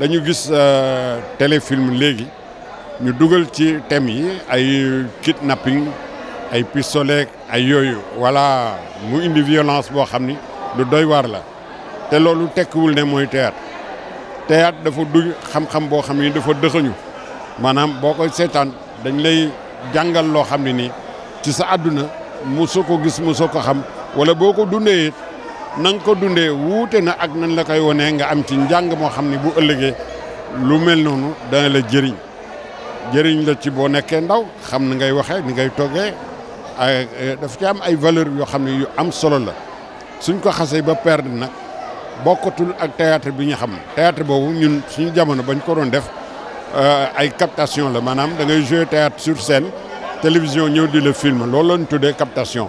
dañu gis euh, téléfilm léegi ñu dugal ci thème yi ay kidnapping ay pistolet ay yooyu voilà mu indi violence boo xam ni lu doy waar la te loolu tekkiwul ne mooy théâtre théâtre dafa du xam-xam boo xam ni dafa dëxëñu maanaam boo koy seetaan dañ lay jàngal loo xam ne nii ci sa àdduna mosoo ko gis mosoo ko xam wala boo ko dundee na nga ko dundee wuute na ak nan la koy wonee nga am ci njàng moo xam ni bu ëllëgee lu mel noonu dana la jëriñ jëriñ la ci boo nekkee ndaw xam na ngay waxee ni ngay toggee dafa ci am ay valeur yoo xam ne yu am solo la suñ ko xasee ba perdre nag bokkatul ak théâtre bi ñu xam théâtre boobu ñun suñu jamono bañ ko doon def euh, ay captation la maanaam da ngay jouer théâtre sur scène télévision ñëw di la film loolu lañ tuddee captation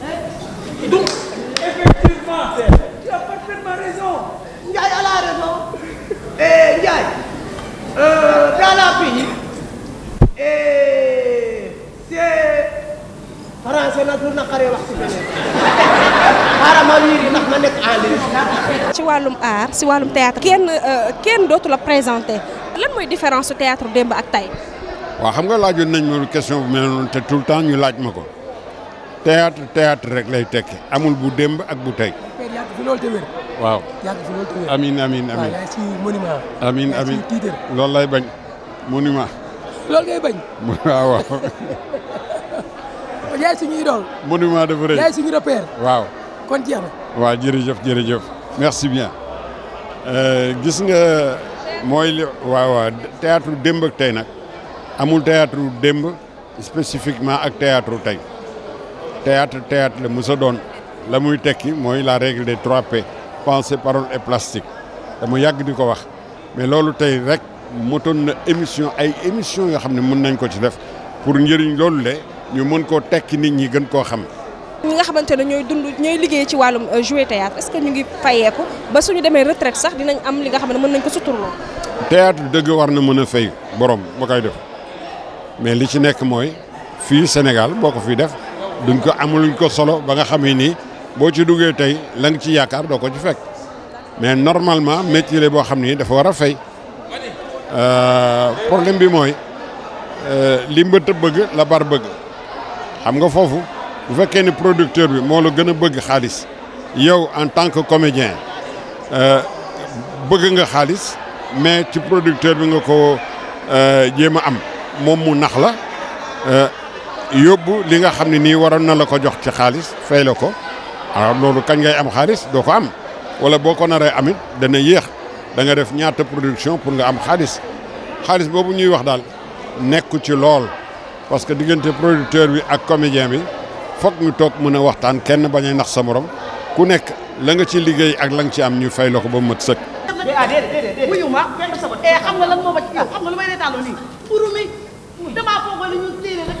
Donc, effectivement, raison. Ndiaye a la raison. Et Ndiaye, euh, dans la vie, et c'est français nag lu naqaree wax si beneen xaaral ma wiiri ndax ma nekk en ci wàllum art si wàllum théâtre kenn euh, kenn dootu la présenté lan mooy différence su théâtre démb ak tey. waaw xam nga laajoon nañ ma question bu mel noonu te tout le temps ñu laaj ma ko. théâtre théâtre rek lay tekki amul bu démb ak bu tey. waaw amin amin amin amin lay bañ monument. loolu ngay bañ. waaw waaw. yaay suñu idole. monument dafa jërëjëf jërëjëf merci bien euh, gis nga mooy li waaw waaw théâtre tey nag amul théâtre démb spécifiquement ak théâtre tey. théâtre théâtre la mu sa doon la muy tekki mooy la règle des trois P pensée parole et plastique dama yàgg di ko wax mais loolu tey rek motoon na émission ay émission yoo xam ne mën nañ ko ci def pour njëriñ loolu le ñu mën koo tekki nit ñi gën koo xam. ñi nga xamante ne ñooy dund ñooy liggéey ci wàllum euh, jouer théâtre est que ñu ngi fayeeku ba suñu demee retraite sax dinañ am li nga xam ne mën nañ ko suturloo. théâtre dëgg war na mën a fay borom ba koy def li ci nekk mooy fii Sénégal boo ko fi def duñ ko amuluñ ko solo ba nga xamee ni bo ci duggé tay la nga ci yaakaar do ko ci fekk mais normalement métier la xam ni dafa wara fay fay euh, problème bi euh li mbëtt bëgg la bar bëgg xam nga fofu bu fekké ni producteur bi mo la gëna a bëgg xaalis yow en tant que comédien euh, bëgg nga xaalis mais ci producteur bi nga ko euh jema am mom mu nax la euh, yóbbu li nga xam ne nii waroon na la ko jox ci xaalis fay la ko alors loolu kañ ngay am xaalis doo ko am wala boo ko naree amit dana yéex da nga def ñaata production pour nga am xaalis xaalis boobu ñuy wax daal nekku ci lool parce que diggante producteur bi ak comédien bi foog ñu toog mun a waxtaan kenn bañ ndax sa morom ku nekk la nga ci liggéey ak la nga ci am ñu fay la ko ba mu mat sëkk. Eh,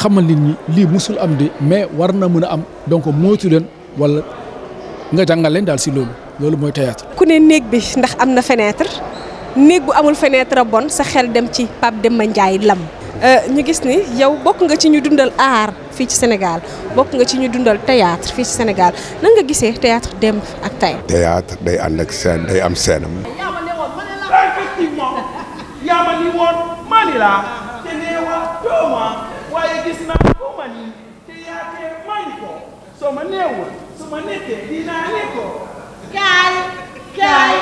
xamal nit ñi lii musul am de mais war na mën a am donc moytu leen wala nga jàngal leen daal si loolu loolu mooy théâtre ku ne néeg bi ndax am na fenêtre néeg bu amul fenêtre bon sa xel dem ci Pape Demba njaay Lam euh, ñu gis ni yow bokk nga ci ñu dundal aar fii ci Sénégal bokk nga ci ñu dundal théâtre fii ci Sénégal nan gisee théâtre dem ak tey. théâtre day am seenam. yaa ne woon ma ni woon ye gisna kumani te yake maniko somanewa somanete dinaniko kaay kaay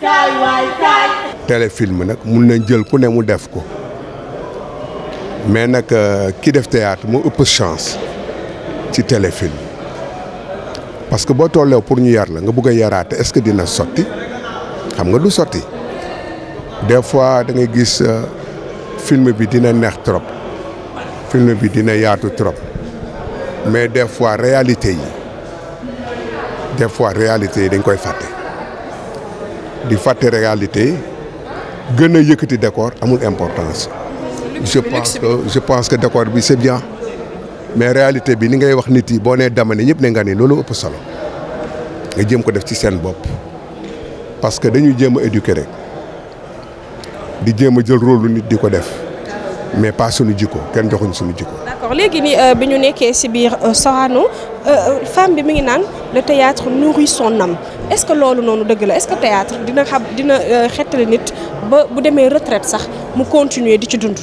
kaay waay mun na jël ku ne mu def ko mais nak euh, ki def théâtre mo upp chance ci téléfilm parce que bo tolew pour ñu yar la nga bëgg a est ce dina sorti xam nga du sorti des fois da ngay gis euh, film bi dina neex trop film bi dina yaatu trop mais des fois réalité yi des fois réalité dañ koy faté di faté réalité gëna yëkëti décor amul importance je pense que je pense que décor bi c'est bien mais réalité bi ni ngay wax nit yi boo nee dama né ñëpp ne nga ni loolu ëpp solo nga jëm ko def ci sen bop parce que dañu jëm a éduquer rek di jëm jël rôle nit diko def mais pas suñu jikko kenn joxuñ suñu jikko. d'accord léegi ni euh, biñu nekké nekkee ci biir euh, Sorano euh, femme bi mi ngi nan le théâtre nourrit son âme est-ce que lolu noonu deug la est-ce que théâtre dina xam dina xettali nit ba bu démé retraite sax mu continuer di ci dund.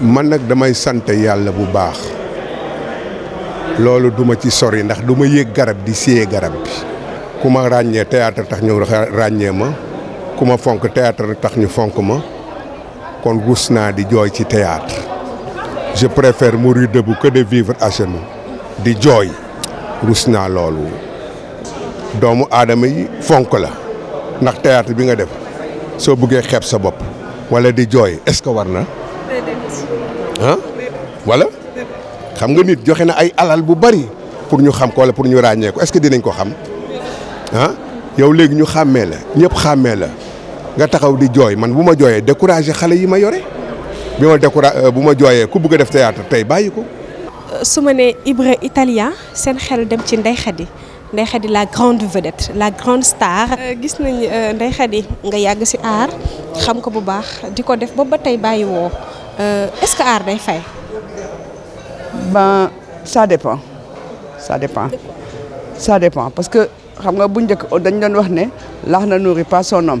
man nak damay santé yalla bu baax lolu duma ci sori ndax duma yegg yéeg garab di siyee garab bi kuma ragné théâtre tax ñu ràññee ma ku fonk théâtre tax ñu fonk ma kon di théâtre je préfère mourir debout que de vivre à genoux di joy rusna lolo. Dans doomu yi fonk la nak théâtre bi nga def so bëggee xép sa wala di joy. est-ce que hein? wala xam nga nit joxé na ay alal bu bari pour ñu xam ko pour ñu est-ce que hein? nga taxaw di joy man bu ma joy, découragé xale yi ma yore bi ma découragé euh, bu ma jooyee ku bëgg a def théâtre tey bàyyi ko. su Ibra italien seen xel dem ci la grande vedette la grande star. Euh, gis nañ euh, Ndeye ar, nga yàgg si aar xam ko bu baax di ko def ba ba tey bàyyi woo est-ce que aar day fay. ben ça dépend ça dépend ça dépend parce que xam nga dañ doon wax l'art ne nourrit pas son homme.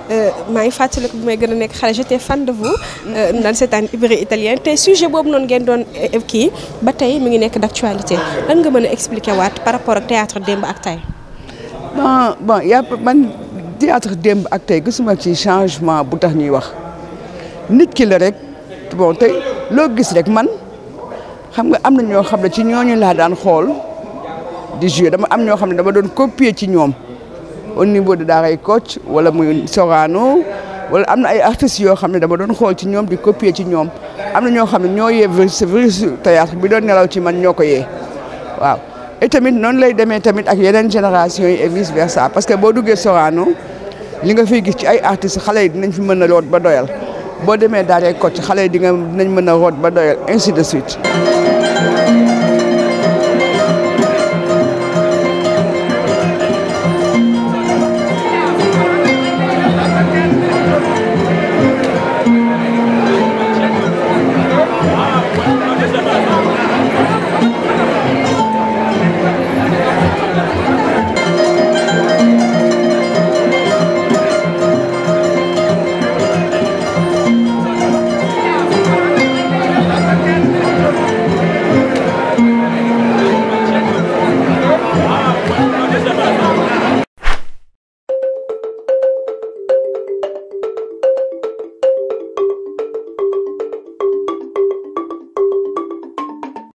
Euh, maa ngi fan de vous. dans euh, cette Ibri italien te sujet euh, ba mi ngi d'actualité lan nga expliquer par rapport au théâtre démb ak bon bon a man théâtre ak changement bu tax ñuy wax nit ki la rek bon tey loo gis rek man xam nga am ñoo xam ci daan dama am ñoo xam au niveau de daaray Kocc wala muy Sorano wala am na ay artistes yoo xam ne dama doon xool ci ñoom di copier ci ñoom am na ñoo xam ne ñoo yee virus théâtre bi doon nelaw ci man ñoo ko yee waaw et tamit noonu lay demee tamit ak yeneen génération yi et vice versa parce que boo duggee Sorano li nga fiy gis ci ay artistes xale yi dinañ fi mën a root ba doyal boo demee daaray Kocc xale yi di nga dinañ mën a root ba doyal ainsi de suite